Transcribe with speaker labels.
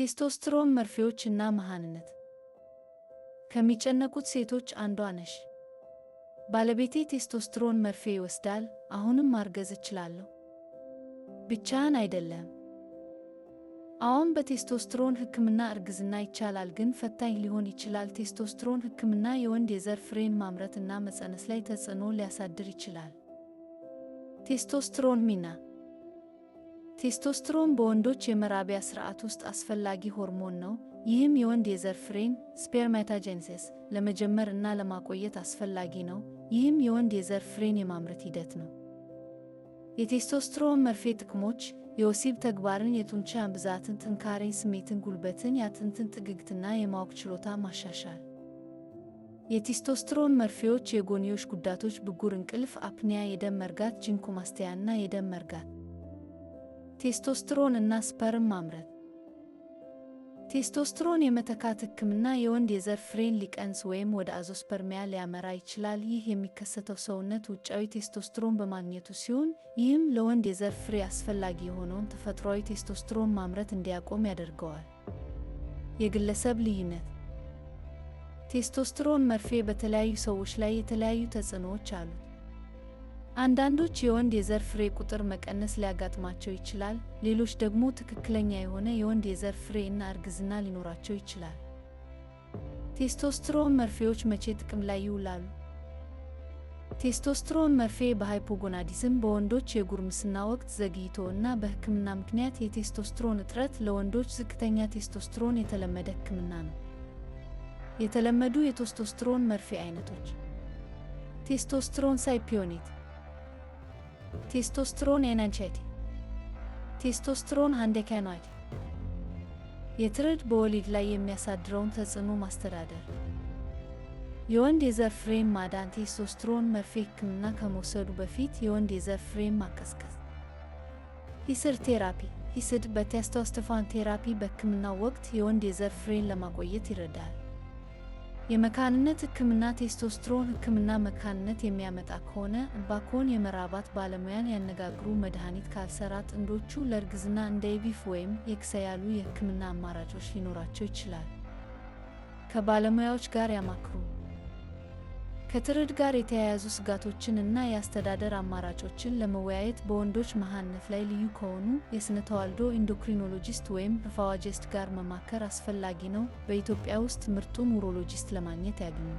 Speaker 1: ቴስቶስትሮን መርፌዎች እና መሃንነት ከሚጨነቁት ሴቶች አንዷ ነሽ። ባለቤቴ ቴስቶስትሮን መርፌ ይወስዳል። አሁንም ማርገዝ እችላለሁ። ብቻህን አይደለም። አዎን፣ በቴስቶስትሮን ሕክምና እርግዝና ይቻላል፣ ግን ፈታኝ ሊሆን ይችላል። ቴስቶስትሮን ሕክምና የወንድ የዘር ፍሬን ማምረት እና መጸነስ ላይ ተጽዕኖ ሊያሳድር ይችላል። ቴስቶስትሮን ሚና ቴስቶስትሮን በወንዶች የመራቢያ ስርዓት ውስጥ አስፈላጊ ሆርሞን ነው። ይህም የወንድ የዘር ፍሬን ስፔርማታጀንሴስ ለመጀመር እና ለማቆየት አስፈላጊ ነው። ይህም የወንድ የዘር ፍሬን የማምረት ሂደት ነው። የቴስቶስትሮን መርፌ ጥቅሞች የወሲብ ተግባርን፣ የጡንቻ ብዛትን፣ ጥንካሬን፣ ስሜትን፣ ጉልበትን፣ የአጥንትን ጥግግትና የማወቅ ችሎታ ማሻሻል። የቴስቶስትሮን መርፌዎች የጎንዮሽ ጉዳቶች፣ ብጉር፣ እንቅልፍ አፕኒያ፣ የደም መርጋት፣ ጅንኩ እና የደም መርጋት ቴስቶስትሮን እና ስፐርም ማምረት። ቴስቶስትሮን የመተካት ህክምና የወንድ የዘር ፍሬን ሊቀንስ ወይም ወደ አዞስፐርሚያ ሊያመራ ይችላል። ይህ የሚከሰተው ሰውነት ውጫዊ ቴስቶስትሮን በማግኘቱ ሲሆን ይህም ለወንድ የዘር ፍሬ አስፈላጊ የሆነውን ተፈጥሯዊ ቴስቶስትሮን ማምረት እንዲያቆም ያደርገዋል። የግለሰብ ልዩነት ቴስቶስትሮን መርፌ በተለያዩ ሰዎች ላይ የተለያዩ ተጽዕኖዎች አሉት። አንዳንዶች የወንድ የዘር ፍሬ ቁጥር መቀነስ ሊያጋጥማቸው ይችላል። ሌሎች ደግሞ ትክክለኛ የሆነ የወንድ የዘር ፍሬ እና እርግዝና ሊኖራቸው ይችላል። ቴስቶስትሮን መርፌዎች መቼ ጥቅም ላይ ይውላሉ? ቴስቶስትሮን መርፌ በሃይፖጎናዲዝም በወንዶች የጉርምስና ወቅት ዘግይቶ እና በሕክምና ምክንያት የቴስቶስትሮን እጥረት ለወንዶች ዝቅተኛ ቴስቶስትሮን የተለመደ ሕክምና ነው። የተለመዱ የቴስቶስትሮን መርፌ አይነቶች ቴስቶስትሮን ሳይፒዮኔት ቴስቶስትሮን ኤነንቸቲ ቴስቶስትሮን አንዴካኖይድ የትርድ በወሊድ ላይ የሚያሳድረውን ተጽዕኖ ማስተዳደር የወንድ የዘር ፍሬም ማዳን ቴስቶስትሮን መርፌ ሕክምና ከመውሰዱ በፊት የወንድ የዘር ፍሬም ማቀዝቀዝ። ሂስር ቴራፒ ሂስድ በቴስቶስትፋን ቴራፒ በሕክምናው ወቅት የወንድ የዘር ፍሬን ለማቆየት ይረዳል። የመካንነት ህክምና ቴስቶስትሮን ህክምና መካንነት የሚያመጣ ከሆነ እባክዎን የመራባት ባለሙያን ያነጋግሩ። መድኃኒት ካልሰራ ጥንዶቹ ለእርግዝና እንደ ኢቪፍ ወይም የክሰ ያሉ የህክምና አማራጮች ሊኖራቸው ይችላል። ከባለሙያዎች ጋር ያማክሩ። ከትርድ ጋር የተያያዙ ስጋቶችን እና የአስተዳደር አማራጮችን ለመወያየት በወንዶች መሐንፍ ላይ ልዩ ከሆኑ የስነ ተዋልዶ ኢንዶክሪኖሎጂስት ወይም ፐፋዋጀስት ጋር መማከር አስፈላጊ ነው። በኢትዮጵያ ውስጥ ምርጡን ኡሮሎጂስት ለማግኘት ያግኙ።